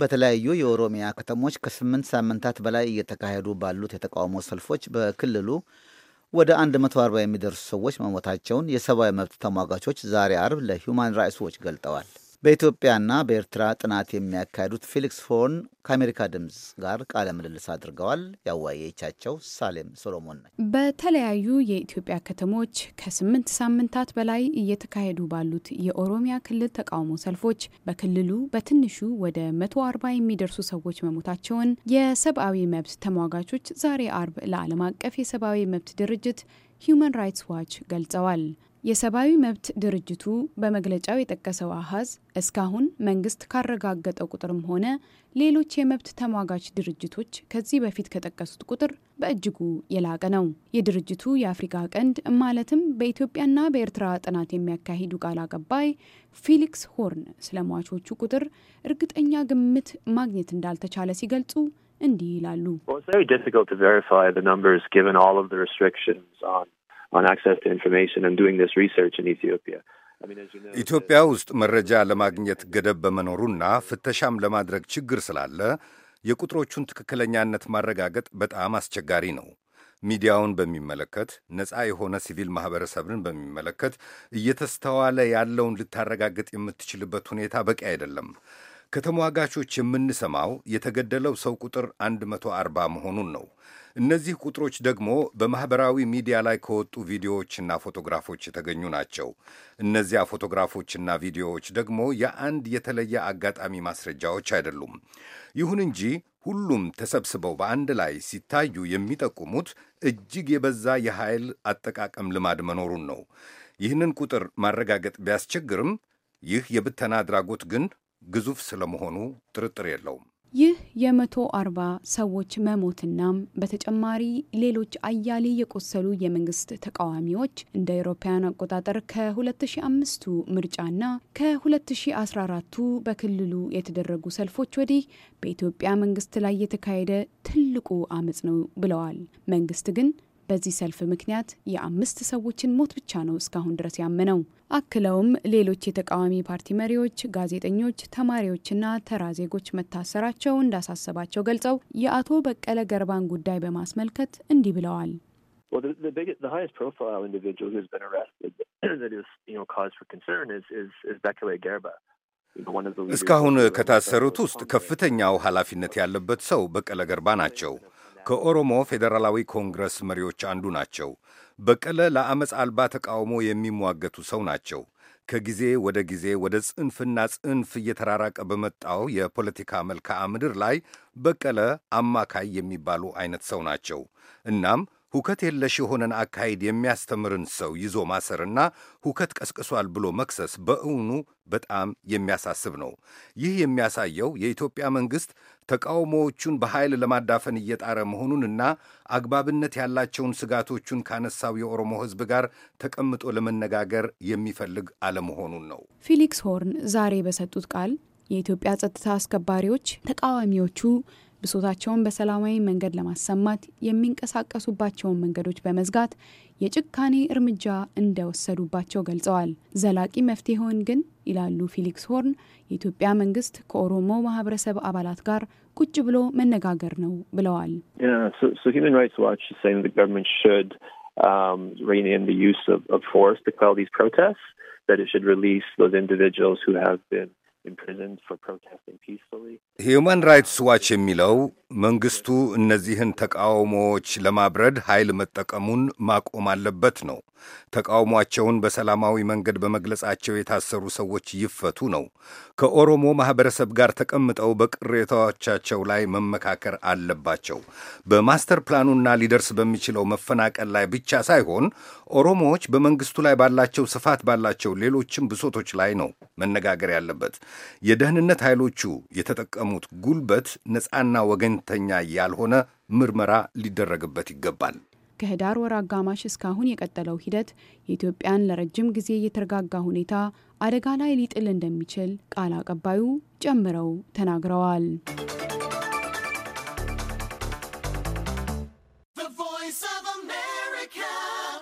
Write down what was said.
በተለያዩ የኦሮሚያ ከተሞች ከስምንት ሳምንታት በላይ እየተካሄዱ ባሉት የተቃውሞ ሰልፎች በክልሉ ወደ 140 የሚደርሱ ሰዎች መሞታቸውን የሰብአዊ መብት ተሟጋቾች ዛሬ አርብ ለሁማን ራይትስ ዎች ገልጠዋል። በኢትዮጵያና በኤርትራ ጥናት የሚያካሂዱት ፊሊክስ ፎን ከአሜሪካ ድምፅ ጋር ቃለ ምልልስ አድርገዋል። ያወያየቻቸው ሳሌም ሶሎሞን ነች። በተለያዩ የኢትዮጵያ ከተሞች ከስምንት ሳምንታት በላይ እየተካሄዱ ባሉት የኦሮሚያ ክልል ተቃውሞ ሰልፎች በክልሉ በትንሹ ወደ መቶ አርባ የሚደርሱ ሰዎች መሞታቸውን የሰብአዊ መብት ተሟጋቾች ዛሬ አርብ ለዓለም አቀፍ የሰብአዊ መብት ድርጅት ሂዩማን ራይትስ ዋች ገልጸዋል። የሰብአዊ መብት ድርጅቱ በመግለጫው የጠቀሰው አሀዝ እስካሁን መንግስት ካረጋገጠው ቁጥርም ሆነ ሌሎች የመብት ተሟጋች ድርጅቶች ከዚህ በፊት ከጠቀሱት ቁጥር በእጅጉ የላቀ ነው። የድርጅቱ የአፍሪካ ቀንድ ማለትም በኢትዮጵያና በኤርትራ ጥናት የሚያካሂዱ ቃል አቀባይ ፊሊክስ ሆርን ስለ ሟቾቹ ቁጥር እርግጠኛ ግምት ማግኘት እንዳልተቻለ ሲገልጹ እንዲህ ይላሉ። ኢትዮጵያ ውስጥ መረጃ ለማግኘት ገደብ በመኖሩና ፍተሻም ለማድረግ ችግር ስላለ የቁጥሮቹን ትክክለኛነት ማረጋገጥ በጣም አስቸጋሪ ነው። ሚዲያውን በሚመለከት ነፃ የሆነ ሲቪል ማህበረሰብን በሚመለከት እየተስተዋለ ያለውን ልታረጋግጥ የምትችልበት ሁኔታ በቂ አይደለም። ከተሟጋቾች የምንሰማው የተገደለው ሰው ቁጥር 140 መሆኑን ነው። እነዚህ ቁጥሮች ደግሞ በማኅበራዊ ሚዲያ ላይ ከወጡ ቪዲዮዎችና ፎቶግራፎች የተገኙ ናቸው። እነዚያ ፎቶግራፎችና ቪዲዮዎች ደግሞ የአንድ የተለየ አጋጣሚ ማስረጃዎች አይደሉም። ይሁን እንጂ ሁሉም ተሰብስበው በአንድ ላይ ሲታዩ የሚጠቁሙት እጅግ የበዛ የኃይል አጠቃቀም ልማድ መኖሩን ነው። ይህንን ቁጥር ማረጋገጥ ቢያስቸግርም ይህ የብተና አድራጎት ግን ግዙፍ ስለመሆኑ ጥርጥር የለውም። ይህ የመቶ አርባ ሰዎች መሞትናም በተጨማሪ ሌሎች አያሌ የቆሰሉ የመንግስት ተቃዋሚዎች እንደ አውሮፓውያን አቆጣጠር ከ2005ቱ ምርጫና ከ2014ቱ በክልሉ የተደረጉ ሰልፎች ወዲህ በኢትዮጵያ መንግስት ላይ የተካሄደ ትልቁ አመጽ ነው ብለዋል። መንግስት ግን በዚህ ሰልፍ ምክንያት የአምስት ሰዎችን ሞት ብቻ ነው እስካሁን ድረስ ያመነው። አክለውም ሌሎች የተቃዋሚ ፓርቲ መሪዎች፣ ጋዜጠኞች፣ ተማሪዎችና ተራ ዜጎች መታሰራቸው እንዳሳሰባቸው ገልጸው የአቶ በቀለ ገርባን ጉዳይ በማስመልከት እንዲህ ብለዋል። እስካሁን ከታሰሩት ውስጥ ከፍተኛው ኃላፊነት ያለበት ሰው በቀለ ገርባ ናቸው። ከኦሮሞ ፌዴራላዊ ኮንግረስ መሪዎች አንዱ ናቸው። በቀለ ለአመፅ አልባ ተቃውሞ የሚሟገቱ ሰው ናቸው። ከጊዜ ወደ ጊዜ ወደ ጽንፍና ጽንፍ እየተራራቀ በመጣው የፖለቲካ መልክዓ ምድር ላይ በቀለ አማካይ የሚባሉ አይነት ሰው ናቸው። እናም ሁከት የለሽ የሆነን አካሄድ የሚያስተምርን ሰው ይዞ ማሰርና ሁከት ቀስቅሷል ብሎ መክሰስ በእውኑ በጣም የሚያሳስብ ነው። ይህ የሚያሳየው የኢትዮጵያ መንግሥት ተቃውሞዎቹን በኃይል ለማዳፈን እየጣረ መሆኑንና አግባብነት ያላቸውን ስጋቶቹን ካነሳው የኦሮሞ ሕዝብ ጋር ተቀምጦ ለመነጋገር የሚፈልግ አለመሆኑን ነው። ፊሊክስ ሆርን ዛሬ በሰጡት ቃል የኢትዮጵያ ጸጥታ አስከባሪዎች ተቃዋሚዎቹ ብሶታቸውን በሰላማዊ መንገድ ለማሰማት የሚንቀሳቀሱባቸውን መንገዶች በመዝጋት የጭካኔ እርምጃ እንደወሰዱባቸው ገልጸዋል። ዘላቂ መፍትሄውን ግን ይላሉ ፊሊክስ ሆርን፣ የኢትዮጵያ መንግስት ከኦሮሞ ማህበረሰብ አባላት ጋር ቁጭ ብሎ መነጋገር ነው ብለዋል። Human Rights Watch የሚለው መንግስቱ እነዚህን ተቃውሞዎች ለማብረድ ኃይል መጠቀሙን ማቆም አለበት ነው። ተቃውሟቸውን በሰላማዊ መንገድ በመግለጻቸው የታሰሩ ሰዎች ይፈቱ ነው። ከኦሮሞ ማኅበረሰብ ጋር ተቀምጠው በቅሬታዎቻቸው ላይ መመካከር አለባቸው። በማስተር ፕላኑና ሊደርስ በሚችለው መፈናቀል ላይ ብቻ ሳይሆን ኦሮሞዎች በመንግስቱ ላይ ባላቸው ስፋት ባላቸው ሌሎችም ብሶቶች ላይ ነው መነጋገር ያለበት። የደህንነት ኃይሎቹ የተጠቀሙት ጉልበት ነፃና ወገን ቀጥተኛ ያልሆነ ምርመራ ሊደረግበት ይገባል። ከህዳር ወር አጋማሽ እስካሁን የቀጠለው ሂደት የኢትዮጵያን ለረጅም ጊዜ የተረጋጋ ሁኔታ አደጋ ላይ ሊጥል እንደሚችል ቃል አቀባዩ ጨምረው ተናግረዋል።